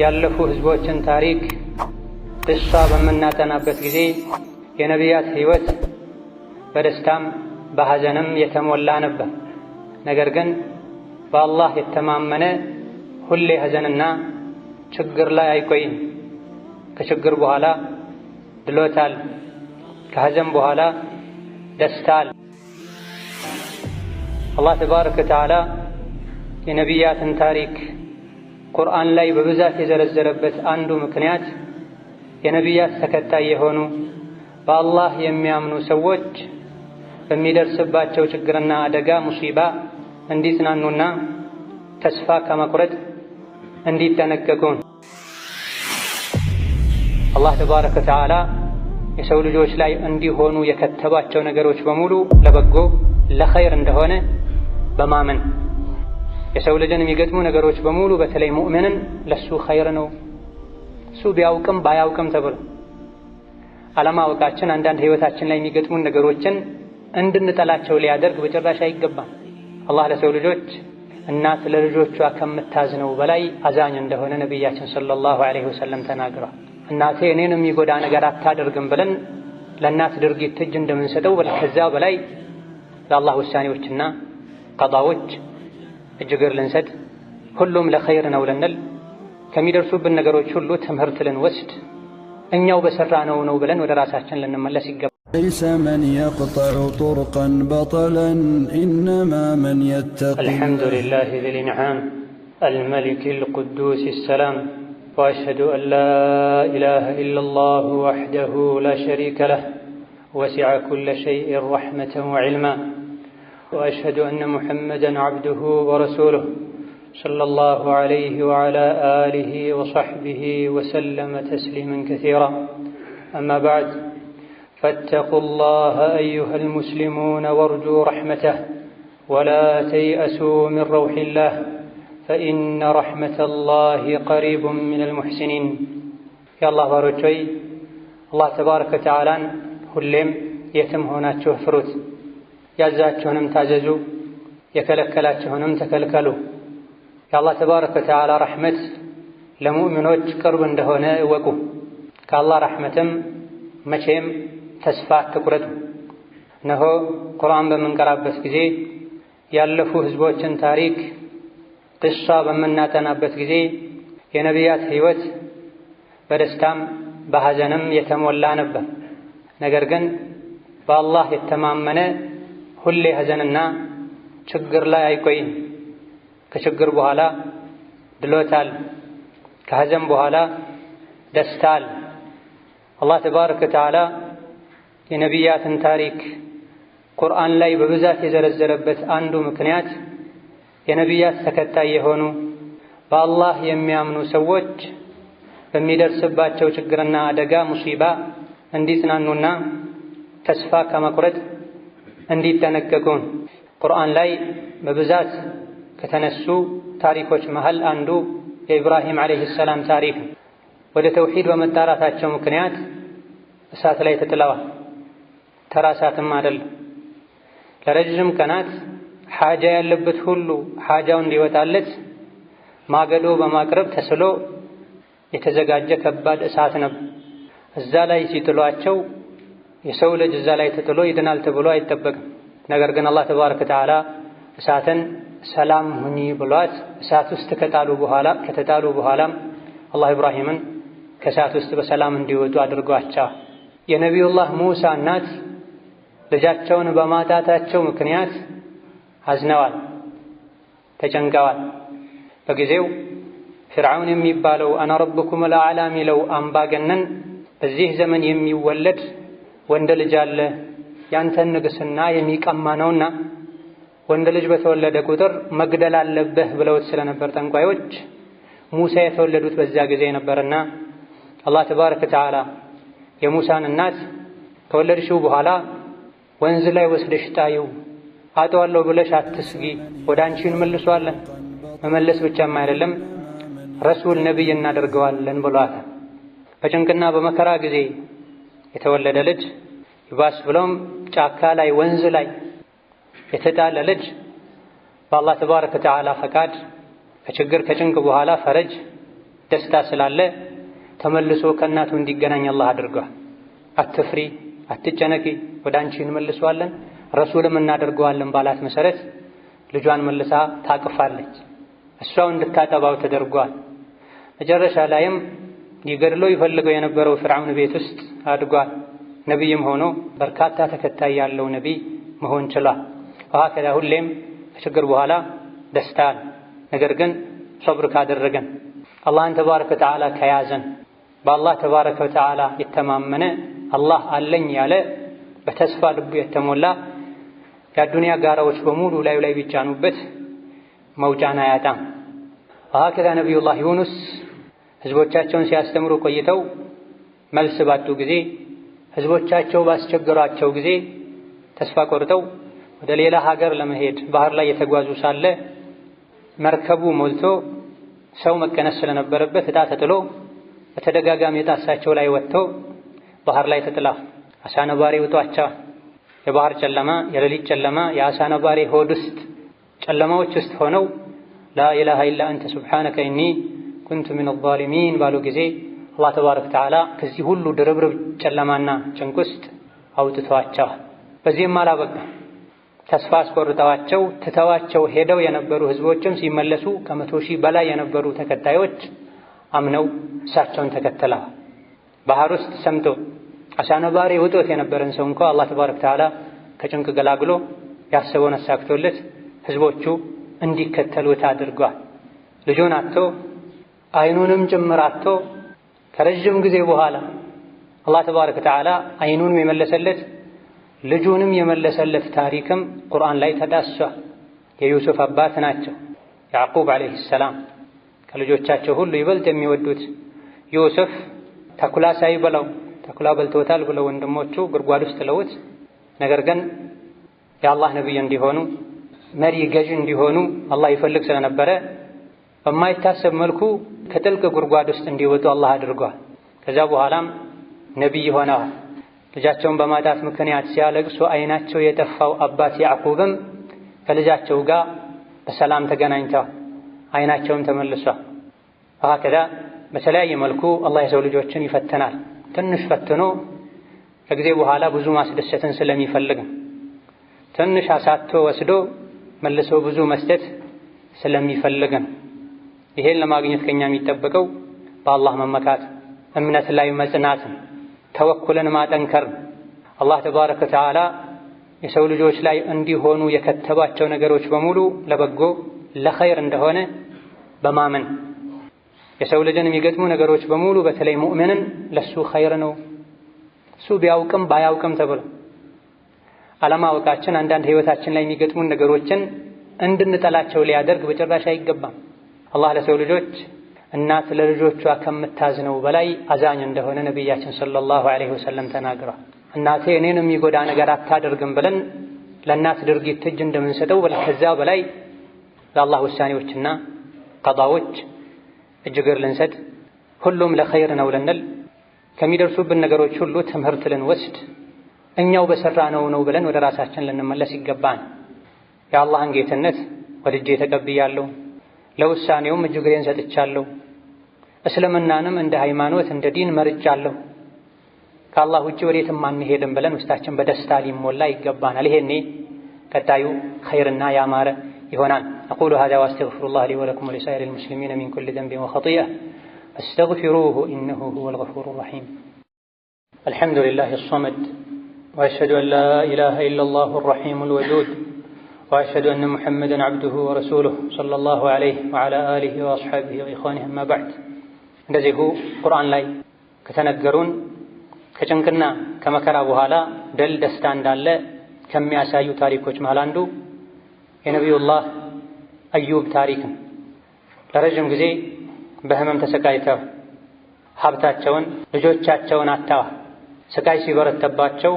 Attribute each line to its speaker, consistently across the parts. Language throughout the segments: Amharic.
Speaker 1: ያለፉ ህዝቦችን ታሪክ እሷ በምናጠናበት ጊዜ የነቢያት ህይወት በደስታም በሐዘንም የተሞላ ነበር። ነገር ግን በአላህ የተማመነ ሁሌ ሐዘንና ችግር ላይ አይቆይም። ከችግር በኋላ ድሎታል፣ ከሐዘን በኋላ ደስታል። አላህ ተባረከ ወተዓላ የነቢያትን ታሪክ ቁርአን ላይ በብዛት የዘረዘረበት አንዱ ምክንያት የነቢያት ተከታይ የሆኑ በአላህ የሚያምኑ ሰዎች በሚደርስባቸው ችግርና አደጋ ሙሲባ እንዲጽናኑና ተስፋ ከመቁረጥ እንዲጠነቀቁን አላህ ተባረከ ወተዓላ የሰው ልጆች ላይ እንዲሆኑ የከተባቸው ነገሮች በሙሉ ለበጎ ለኸይር እንደሆነ በማመን የሰው ልጅን የሚገጥሙ ነገሮች በሙሉ በተለይ ሙእምንን ለሱ ኸይር ነው እሱ ቢያውቅም ባያውቅም ተብሎ አለማወቃችን አንዳንድ ህይወታችን ላይ የሚገጥሙን ነገሮችን እንድንጠላቸው ሊያደርግ በጭራሽ አይገባም። አላህ ለሰው ልጆች እናት ለልጆቿ ከምታዝነው በላይ አዛኝ እንደሆነ ነቢያችን ሰለላሁ ዐለይሂ ወሰለም ተናግሯል። እናቴ እኔን የሚጎዳ ነገር አታደርግም ብለን ለእናት ድርጊት እጅ እንደምንሰጠው ከዛ በላይ ለአላህ ውሳኔዎችና ቀጣዎች እጅ እግር ልንሰድ ሁሉም ለኸይር ነው ልንል ከሚደርሱብን ነገሮች تمهرت ትምህርት ልንወስድ እኛው በሰራ ነው ነው ብለን ወደ ራሳችን ልንመለስ ይገባል።
Speaker 2: ليس من يقطع طرقا بطلا إنما من يتقي
Speaker 3: الحمد لله ذي الإنعام الملك القدوس السلام وأشهد أن لا إله إلا الله وحده لا شريك له وسع كل شيء رحمة وعلما وأشهد أن محمدا عبده ورسوله صلى الله عليه وعلى آله وصحبه وسلم تسليما كثيرا أما بعد فاتقوا الله أيها المسلمون وارجوا رحمته ولا تيأسوا من روح الله فإن رحمة الله قريب من المحسنين
Speaker 1: يالله الله ሆይ አላህ ተባረከ ወተዓላን يتم የትም ሆናችሁ فروت ያዛችሁንም ታዘዙ፣ የከለከላችሁንም ተከልከሉ። የአላህ ተባረከ ወተዓላ ረሕመት ለሙእሚኖች ቅርብ እንደሆነ እወቁ። ከአላህ ረሕመትም መቼም ተስፋ አትቁረጡ። እነሆ ቁርአን በምንቀራበት ጊዜ ያለፉ ህዝቦችን ታሪክ ቅሷ በምናጠናበት ጊዜ የነቢያት ህይወት በደስታም በሐዘንም የተሞላ ነበር። ነገር ግን በአላህ የተማመነ ሁሌ ሀዘንና ችግር ላይ አይቆይም። ከችግር በኋላ ድሎታል፣ ከሀዘን በኋላ ደስታል። አላህ ተባረከ ወተዓላ የነቢያትን ታሪክ ቁርአን ላይ በብዛት የዘረዘረበት አንዱ ምክንያት የነቢያት ተከታይ የሆኑ በአላህ የሚያምኑ ሰዎች በሚደርስባቸው ችግርና አደጋ ሙሲባ እንዲጽናኑና ተስፋ ከመቁረጥ እንዲጠነቀቁን። ቁርአን ላይ በብዛት ከተነሱ ታሪኮች መሃል አንዱ የኢብራሂም ዓለይሂ ሰላም ታሪክ ነው። ወደ ተውሂድ በመጣራታቸው ምክንያት እሳት ላይ ተጥለዋል። ተራ እሳትም አይደለም። ለረጅም ቀናት ሓጃ ያለበት ሁሉ ሓጃው እንዲወጣለት ማገዶ በማቅረብ ተስሎ የተዘጋጀ ከባድ እሳት ነበር። እዛ ላይ ሲጥሏቸው የሰው ልጅ እዛ ላይ ተጥሎ ይድናል ተብሎ አይጠበቅም። ነገር ግን አላህ ተባረከ ወተዓላ እሳትን ሰላም ሁኚ ብሏት እሳት ውስጥ ከጣሉ በኋላ ከተጣሉ በኋላም አላህ ኢብራሂምን ከእሳት ውስጥ በሰላም እንዲወጡ አድርጓቸው። የነቢዩላህ ሙሳ እናት ልጃቸውን በማጣታቸው ምክንያት አዝነዋል፣ ተጨንቀዋል። በጊዜው ፊርዓውን የሚባለው አና ረብኩም ለአዕላ የሚለው አምባገነን በዚህ ዘመን የሚወለድ ወንድ ልጅ አለ ያንተን ንግስና የሚቀማ ነውና ወንድ ልጅ በተወለደ ቁጥር መግደል አለብህ ብለውት ስለነበር ጠንቋዮች ሙሳ የተወለዱት በዚያ ጊዜ ነበርና አላህ ተባረከ ወተዓላ የሙሳን እናት ከወለድሽው በኋላ ወንዝ ላይ ወስደሽ ጣይው፣ አጠዋለሁ ብለሽ አትስጊ፣ ወደ አንቺ እንመልሷለን። መመለስ ብቻም አይደለም ረሱል ነቢይ እናደርገዋለን ብሏታል። በጭንቅና በመከራ ጊዜ የተወለደ ልጅ ይባስ ብሎም ጫካ ላይ ወንዝ ላይ የተጣለ ልጅ በአላህ ተባረከ ወተዓላ ፈቃድ ከችግር ከጭንቅ በኋላ ፈረጅ ደስታ ስላለ ተመልሶ ከእናቱ እንዲገናኝ አላህ አድርጓል። አትፍሪ፣ አትጨነቂ፣ ወደ አንቺ እንመልሰዋለን ረሱልም እናደርገዋለን ባላት መሰረት ልጇን መልሳ ታቅፋለች። እሷው እንድታጠባው ተደርጓል። መጨረሻ ላይም ሊገድለው ይፈልገው የነበረው ፍርዓውን ቤት ውስጥ አድጓል። ነቢይም ሆኖ በርካታ ተከታይ ያለው ነቢይ መሆን ችሏል። ወሀከዛ ሁሌም ከችግር በኋላ ደስታል። ነገር ግን ሶብር ካደረገን አላህን ተባረከ ወተዓላ ከያዘን በአላህ ተባረከ ወተዓላ የተማመነ አላህ አለኝ ያለ በተስፋ ልቡ የተሞላ የአዱንያ ጋራዎች በሙሉ ላዩ ላይ ቢጫኑበት መውጫን አያጣም። ወሀከዛ ነቢዩላህ ዩኑስ ህዝቦቻቸውን ሲያስተምሩ ቆይተው መልስ ባጡ ጊዜ፣ ህዝቦቻቸው ባስቸገሯቸው ጊዜ ተስፋ ቆርጠው ወደ ሌላ ሀገር ለመሄድ ባህር ላይ የተጓዙ ሳለ መርከቡ ሞልቶ ሰው መቀነስ ስለነበረበት እጣ ተጥሎ በተደጋጋሚ ዕጣ ላይ ወጥቶ ባህር ላይ ተጥላ አሳ ነባሪ ውጧቻ የባህር ጨለማ፣ የሌሊት ጨለማ፣ የአሳ ነባሪ ሆድ ውስጥ ጨለማዎች ውስጥ ሆነው ላ ኢላ አንተ ሱብሓነከ ኢኒ ኩንቱ ሚነ ዛሊሚን ባሉ ጊዜ አላህ ተባረከ ወተዓላ ከዚህ ሁሉ ድርብርብ ጨለማና ጭንቅ ውስጥ አውጥቷቸዋል። በዚህም አላበቃ ተስፋ አስቆርጠዋቸው ትተዋቸው ሄደው የነበሩ ህዝቦችም ሲመለሱ ከመቶ ሺህ በላይ የነበሩ ተከታዮች አምነው እሳቸውን ተከትለዋል። ባህር ውስጥ ሰምጦ አሻነባሪ ውጦት የነበረን ሰው እንኳ አላህ ተባረከ ወተዓላ ከጭንቅ ገላግሎ ያሰበውን አሳክቶለት ህዝቦቹ እንዲከተሉት አድርጓል። ልጁን አጥቶ አይኑንም ጭምር አጥቶ ከረዥም ጊዜ በኋላ አላህ ተባረከ ወተዓላ አይኑንም የመለሰለት ልጁንም የመለሰለት ታሪክም ቁርአን ላይ ተዳስሷል። የዩሱፍ አባት ናቸው ያዕቁብ ዓለይሂ ሰላም። ከልጆቻቸው ሁሉ ይበልጥ የሚወዱት ዩሱፍ ተኩላ ሳይበላው ተኩላ በልቶታል ብለው ወንድሞቹ ጉድጓድ ውስጥ ጥለውት፣ ነገር ግን የአላህ ነቢይ እንዲሆኑ መሪ ገዥ እንዲሆኑ አላህ ይፈልግ ስለነበረ በማይታሰብ መልኩ ከጥልቅ ጉድጓድ ውስጥ እንዲወጡ አላህ አድርጓል። ከዛ በኋላም ነቢይ ሆነዋል። ልጃቸውን በማጣት ምክንያት ሲያለቅሱ አይናቸው የጠፋው አባት ያዕቁብም ከልጃቸው ጋር በሰላም ተገናኝተዋል። አይናቸውም ተመልሷል። ሀከዛ በተለያየ መልኩ አላህ የሰው ልጆችን ይፈትናል። ትንሽ ፈትኖ ከጊዜ በኋላ ብዙ ማስደሰትን ስለሚፈልግ ትንሽ አሳቶ ወስዶ መልሶ ብዙ መስጠት ስለሚፈልግ ነው። ይሄን ለማግኘት ከኛ የሚጠበቀው በአላህ መመካት፣ እምነት ላይ መጽናት፣ ተወኩልን ማጠንከር አላህ ተባረከ ወተዓላ የሰው ልጆች ላይ እንዲሆኑ የከተባቸው ነገሮች በሙሉ ለበጎ ለኸይር እንደሆነ በማመን የሰው ልጅን የሚገጥሙ ነገሮች በሙሉ በተለይ ሙእሚንን ለሱ ኸይር ነው እሱ ቢያውቅም ባያውቅም ተብሎ አለማወቃችን አንዳንድ ህይወታችን ላይ የሚገጥሙን ነገሮችን እንድንጠላቸው ሊያደርግ በጭራሽ አይገባም። አላህ ለሰው ልጆች እናት ለልጆቿ ከምታዝነው በላይ አዛኝ እንደሆነ ነቢያችን ሰለላሁ ዐለይሂ ወሰለም ተናግሯል። እናቴ እኔን የሚጎዳ ነገር አታደርግም ብለን ለእናት ድርጊት እጅ እንደምንሰጠው ከዛ በላይ ለአላህ ውሳኔዎችና ቀዳዎች እጅ እግር ልንሰጥ ሁሉም ለኸይር ነው ልንል ከሚደርሱብን ነገሮች ሁሉ ትምህርት ልንወስድ እኛው በሠራነው ነው ብለን ወደ ራሳችን ልንመለስ ይገባን። የአላህን ጌትነት ወድጄ ተቀብያለሁ ለውሳኔውም እጅግሬን ሰጥቻለሁ። እስልምናንም እንደ ሃይማኖት እንደ ዲን መርጫለሁ። ከአላህ ውጭ ወዴትም አንሄድም ብለን ውስጣችን በደስታ ሊሞላ ይገባናል። ይሄኔ ቀጣዩ ኸይርና ያማረ ይሆናል። أقول هذا وأستغفر الله لي ولكم ولسائر المسلمين من كل ذنب وخطيئة استغفروه إنه هو الغفور الرحيم
Speaker 3: الحمد لله الصمد وأشهد أن لا إله إلا الله الرحيم الودود وأشهد أن محمدا عبده ورسوله صلى الله عليه وعلى آله وأصحابه وإخوانه ما እንደዚሁ ቁርአን ላይ ከተነገሩን ከጭንቅና ከመከራ በኋላ ድል ደስታ እንዳለ ከሚያሳዩ ታሪኮች መሃል አንዱ የነቢዩላህ አዩብ ታሪክ ነው። ለረዥም ጊዜ በህመም ተሰቃይተው ሀብታቸውን ልጆቻቸውን አጥተዋል። ስቃይ ሲበረተባቸው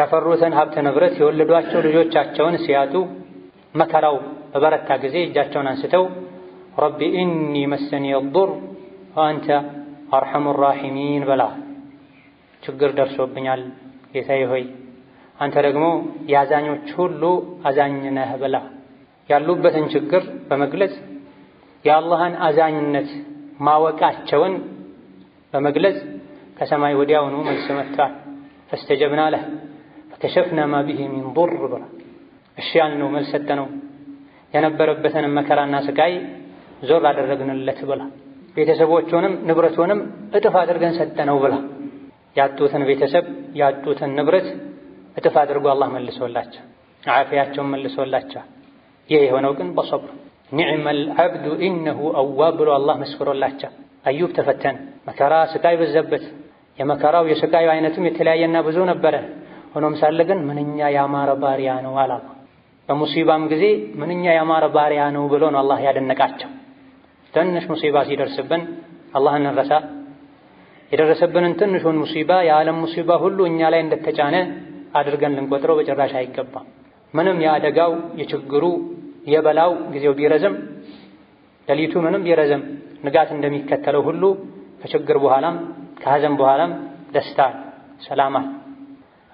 Speaker 3: ያፈሩትን ሀብተ ንብረት የወለዷቸው ልጆቻቸውን ሲያጡ መከራው በበረታ ጊዜ እጃቸውን አንስተው ረቢ ኢኒ መሰኒ የዱር ወአንተ አርሐሙ ራሒሚን በላ ችግር ደርሶብኛል ጌታዬ ሆይ አንተ ደግሞ የአዛኞች ሁሉ አዛኝ ነህ በላ ያሉበትን ችግር በመግለጽ የአላህን አዛኝነት ማወቃቸውን በመግለጽ ከሰማይ ወዲያውኑ መልስ መጥቷል። ፈስተጀብና ለህ ፈከሸፍና ማ ቢሂ ሚን ዱር ብላ እሺ ያልነው መልስ ሰጠነው፣ የነበረበትንም መከራና ስቃይ ዞር አደረግንለት ብላ ቤተሰቦቹንም ንብረቱንም እጥፍ አድርገን ሰጠነው ብላ ያጡትን ቤተሰብ ያጡትን ንብረት እጥፍ አድርጎ አላህ መልሶላቸው ዓፊያቸውን መልሶላቸው። ይህ የሆነው ግን በሰብር ኒዕመል ዐብዱ ኢነሁ አዋብ ብሎ አላህ መስክሮላቸው። አዩብ ተፈተነ፣ መከራ ስቃይ በዘበት። የመከራው የስቃዩ አይነቱም የተለያየና ብዙ ነበረ። ሆኖም ሳለ ግን ምንኛ ያማረ ባሪያ ነው አላህ በሙሲባም ጊዜ ምንኛ ያማረ ባሪያ ነው ብሎ ነው አላህ ያደነቃቸው። ትንሽ ሙሲባ ሲደርስብን አላህን እንረሳ። የደረሰብንን ትንሹን ሙሲባ የዓለም ሙሲባ ሁሉ እኛ ላይ እንደተጫነ አድርገን ልንቆጥረው በጭራሽ አይገባም። ምንም የአደጋው የችግሩ የበላው ጊዜው ቢረዝም ሌሊቱ ምንም ቢረዝም ንጋት እንደሚከተለው ሁሉ ከችግር በኋላም ከሐዘን በኋላም ደስታ ሰላማል።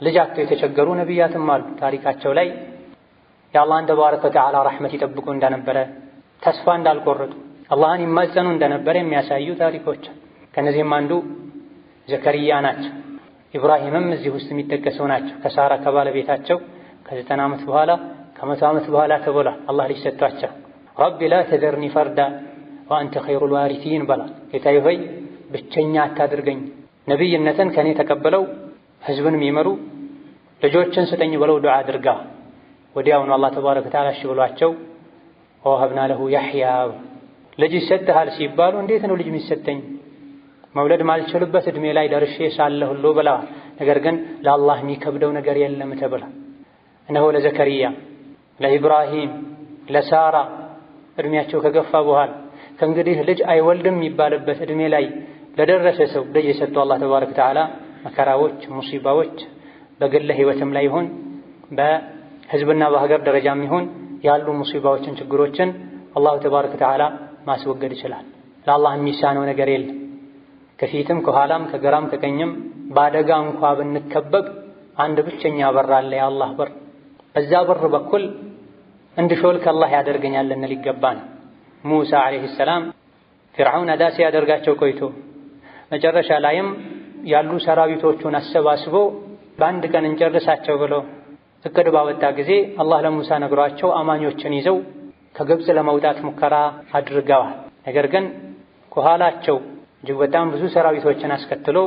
Speaker 3: ልጃቸው የተቸገሩ ነቢያትም አሉ ታሪካቸው ላይ የአላህን ተባረከ ወተዓላ ረሕመት ይጠብቁ እንደነበረ ተስፋ እንዳልቆረጡ አላህን ይማጸኑ እንደነበረ የሚያሳዩ ታሪኮች። ከእነዚህም አንዱ ዘከርያ ናቸው። ኢብራሂምም እዚህ ውስጥ የሚጠቀሰው ናቸው። ከሳራ ከባለቤታቸው ከዘጠና ዓመት በኋላ ከመቶ ዓመት በኋላ ተብሏል። አላህ ልጅ ሰጥቷቸው ረቢ ላ ተዘርኒ ፈርዳ ወአንተ ኸይሩል ዋሪሲን በሏል። ጌታዬ ሆይ ብቸኛ አታድርገኝ፣ ነቢይነትን ከእኔ ተቀብለው ህዝብን የሚመሩ ልጆችን ስጠኝ ብለው ዱዓ አድርጋ ወዲያውኑ አላህ ተባረከ ወተዓላ እሺ ብሏቸው ወወሀብና ለሁ ያሕያ ልጅ ይሰጥሃል ሲባሉ እንዴት ነው ልጅ የሚሰጠኝ መውለድ ማልችልበት እድሜ ላይ ደርሼ ሳለ ሁሉ ብለዋል። ነገር ግን ለአላህ የሚከብደው ነገር የለም ተብላ እነሆ ለዘከሪያ ለኢብራሂም ለሳራ እድሜያቸው ከገፋ በኋላ ከእንግዲህ ልጅ አይወልድም የሚባልበት እድሜ ላይ ለደረሰ ሰው ልጅ የሰጠው አላህ ተባረከ ወተዓላ መከራዎች፣ ሙሲባዎች በግለ ህይወትም ላይ ይሁን ህዝብና በሀገር ደረጃም የሚሆን ያሉ ሙሲባዎችን፣ ችግሮችን አላሁ ተባረከ ወተዓላ ማስወገድ ይችላል። ለአላህ የሚሳነው ነገር የለም። ከፊትም ከኋላም ከግራም ከቀኝም በአደጋ እንኳ ብንከበብ አንድ ብቸኛ በር አለ፣ የአላህ በር። በዛ በር በኩል እንድሾል አላህ ያደርገኛል ልንል ነው። ሙሳ ዓለይሂ ሰላም ፊርዓውን አዳ ሲያደርጋቸው ቆይቶ መጨረሻ ላይም ያሉ ሰራዊቶቹን አሰባስቦ በአንድ ቀን እንጨርሳቸው ብሎ እቅድ ባወጣ ጊዜ አላህ ለሙሳ ነግሯቸው አማኞችን ይዘው ከግብፅ ለመውጣት ሙከራ አድርገዋል። ነገር ግን ከኋላቸው እጅግ በጣም ብዙ ሰራዊቶችን አስከትሎ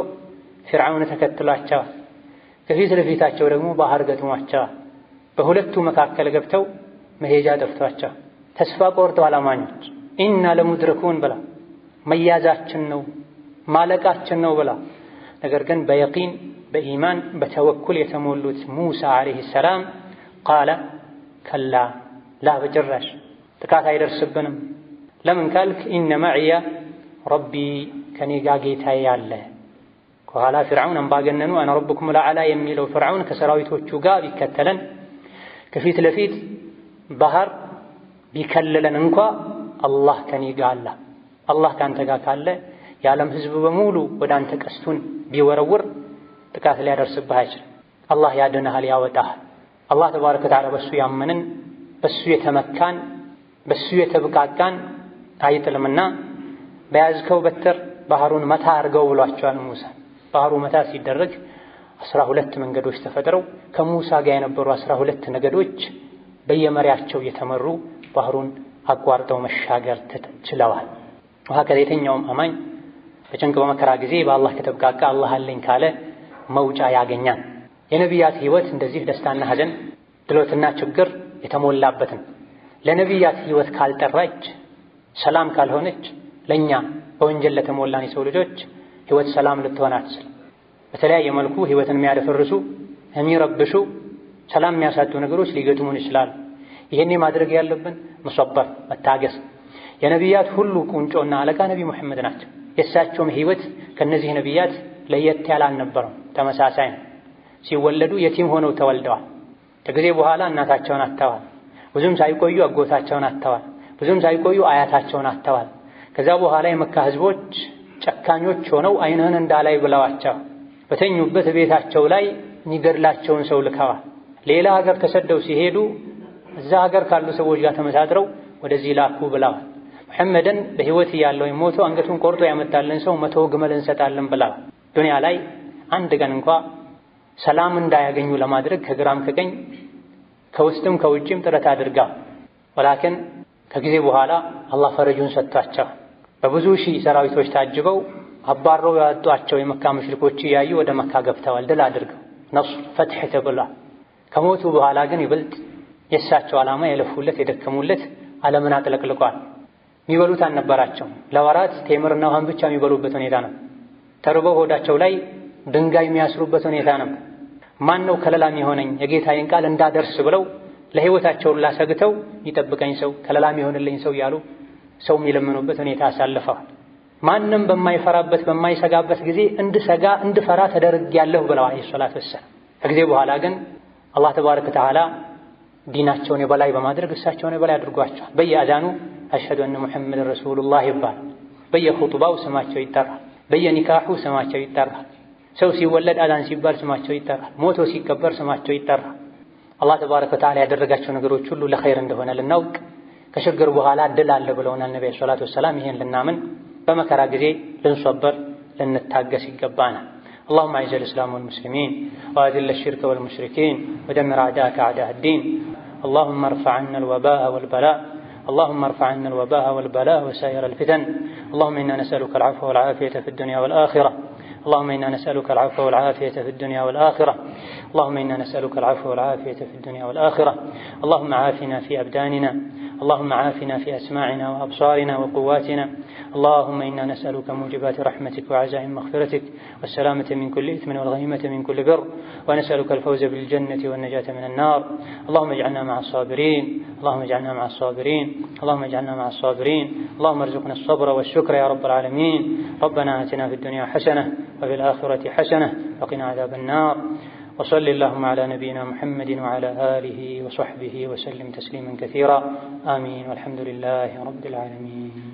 Speaker 3: ፊርዓውን ተከትሏቸዋል። ከፊት ለፊታቸው ደግሞ ባህር ገጥሟቸዋል። በሁለቱ መካከል ገብተው መሄጃ ጠፍቷቸዋል። ተስፋ ቆርጠዋል አማኞች። ኢና ለሙድረኩን ብላ መያዛችን ነው ማለቃችን ነው ብላ ነገር ግን በየቂን በኢማን በተወኩል የተሞሉት ሙሳ ዓለይሂ ሰላም ቃለ ከላ ላ በጭራሽ ጥቃት አይደርስብንም። ለምን ካልክ ኢነ መዕየ ረቢ ከኔ ጋ ጌታዬ አለ። ከኋላ ፊርዓውን አምባገነኑ አነ ረብኩም ለዓላ የሚለው ፊርዓውን ከሰራዊቶቹ ጋር ቢከተለን ከፊት ለፊት ባህር ቢከልለን እንኳ አላህ ከኔ ጋ አለ። አላህ ከአንተ ጋር ካለ የዓለም ህዝብ በሙሉ ወደ አንተ ቀስቱን ቢወረውር ጥቃት ሊያደርስብህ አይችልም። አላህ ያድንሃል፣ ያወጣሃል። አላህ ተባረከ ወተዓላ በሱ ያመንን በሱ የተመካን በሱ የተብቃቃን አይጥልምና በያዝከው በትር ባህሩን መታ አድርገው ብሏቸዋል ሙሳ። ባህሩ መታ ሲደረግ አስራ ሁለት መንገዶች ተፈጥረው ከሙሳ ጋር የነበሩ አስራ ሁለት ነገዶች በየመሪያቸው የተመሩ ባህሩን አቋርጠው መሻገር ችለዋል። ውሃ ከየትኛውም አማኝ በጭንቅ በመከራ ጊዜ በአላህ ከተብቃቃ አላህ አለኝ ካለ መውጫ ያገኛል። የነቢያት ህይወት እንደዚህ ደስታና ሀዘን ድሎትና ችግር የተሞላበት ነው። ለነቢያት ህይወት ካልጠራች፣ ሰላም ካልሆነች ለእኛ በወንጀል ለተሞላን የሰው ልጆች ህይወት ሰላም ልትሆን አትችልም። በተለያየ መልኩ ህይወትን የሚያደፈርሱ የሚረብሹ፣ ሰላም የሚያሳጡ ነገሮች ሊገጥሙን ይችላሉ። ይሄኔ ማድረግ ያለብን መሶበር መታገስ። የነቢያት ሁሉ ቁንጮና አለቃ ነቢ ሙሐመድ ናቸው። የእሳቸውም ህይወት ከእነዚህ ነቢያት ለየት ያለ አልነበረም። ተመሳሳይ ነው። ሲወለዱ የቲም ሆነው ተወልደዋል። ከጊዜ በኋላ እናታቸውን አጥተዋል። ብዙም ሳይቆዩ አጎታቸውን አጥተዋል። ብዙም ሳይቆዩ አያታቸውን አጥተዋል። ከዛ በኋላ የመካ ህዝቦች ጨካኞች ሆነው አይንህን እንዳላይ ብለዋቸው በተኙበት ቤታቸው ላይ የሚገድላቸውን ሰው ልከዋል። ሌላ ሀገር ተሰደው ሲሄዱ እዛ ሀገር ካሉ ሰዎች ጋር ተመሳጥረው ወደዚህ ላኩ ብለዋል። መሐመድን በህይወት እያለ ወይም ሞቶ አንገቱን ቆርጦ ያመጣልን ሰው መቶ ግመል እንሰጣለን ብለዋል። ዱንያ ላይ አንድ ቀን እንኳ ሰላም እንዳያገኙ ለማድረግ ከግራም ከቀኝ ከውስጥም ከውጭም ጥረት አድርጋ ወላክን ከጊዜ በኋላ አላህ ፈረጁን ሰጥቷቸው በብዙ ሺህ ሰራዊቶች ታጅበው አባረው ያወጧቸው የመካ ሙሽሪኮች እያዩ ወደ መካ ገብተዋል። ድል አድርገው ነስር ፈትሕ ተብሏል። ከሞቱ በኋላ ግን ይበልጥ የእሳቸው ዓላማ የለፉለት የደከሙለት ዓለምን አጥለቅልቋል። የሚበሉት አልነበራቸውም። ለወራት ቴምርና ውሃን ብቻ የሚበሉበት ሁኔታ ነው። ተርበው ሆዳቸው ላይ ድንጋይ የሚያስሩበት ሁኔታ ነበር። ማን ነው ከለላም የሆነኝ የጌታዬን ቃል እንዳደርስ ብለው ለህይወታቸውን ላሰግተው ይጠብቀኝ ሰው ከለላም የሆንልኝ ሰው እያሉ ሰው የሚለምኑበት ሁኔታ አሳልፈዋል። ማንም በማይፈራበት በማይሰጋበት ጊዜ እንድሰጋ እንድፈራ ተደርጌያለሁ ብለው ዐለይሂ ሰላቱ ወሰላም። ከጊዜ በኋላ ግን አላህ ተባረከ ወተዓላ ዲናቸውን የበላይ በማድረግ እሳቸውን የበላይ አድርጓቸዋል። በየአዛኑ አሽሀዱ አነ ሙሐመድ ረሱሉላህ ይባላል። በየኹጥባው ስማቸው ይጠራል። በየኒካሑ ስማቸው ይጠራል። ሰው ሲወለድ አዛን ሲባል ስማቸው ይጠራል። ሞቶ ሲቀበር ስማቸው ይጠራል። አላህ ተባረከ ወተዓላ ያደረጋቸው ነገሮች ሁሉ ለኸይር እንደሆነ ልናውቅ ከችግር በኋላ ድል አለ ብለውናል ነቢ ሰላቱ ወሰላም። ይህን ልናምን በመከራ ጊዜ ልንሰበር ልንታገስ ይገባናል። اللهم أعز الإسلام والمسلمين وأذل الشرك والمشركين ودمر أعداءك أعداء الدين اللهم ارفع عنا الوباء والبلاء اللهم ارفع عنا الوباء والبلاء وسائر الفتن اللهم إنا نسألك العفو والعافية في الدنيا والآخرة اللهم إنا نسألك العفو والعافية في الدنيا والآخرة اللهم إنا نسألك العفو والعافية في الدنيا والآخرة اللهم عافنا في أبداننا اللهم عافنا في أسماعنا وأبصارنا وقواتنا اللهم إنا نسألك موجبات رحمتك وعزائم مغفرتك والسلامة من كل إثم والغنيمة من كل بر ونسألك الفوز بالجنة والنجاة من النار اللهم اجعلنا مع الصابرين اللهم اجعلنا مع الصابرين اللهم اجعلنا مع الصابرين اللهم ارزقنا الصبر والشكر يا رب العالمين ربنا آتنا في الدنيا حسنة وفي الآخرة حسنة وقنا عذاب النار وصل اللهم على نبينا محمد وعلى آله وصحبه وسلم تسليما كثيرا آمين والحمد لله رب العالمين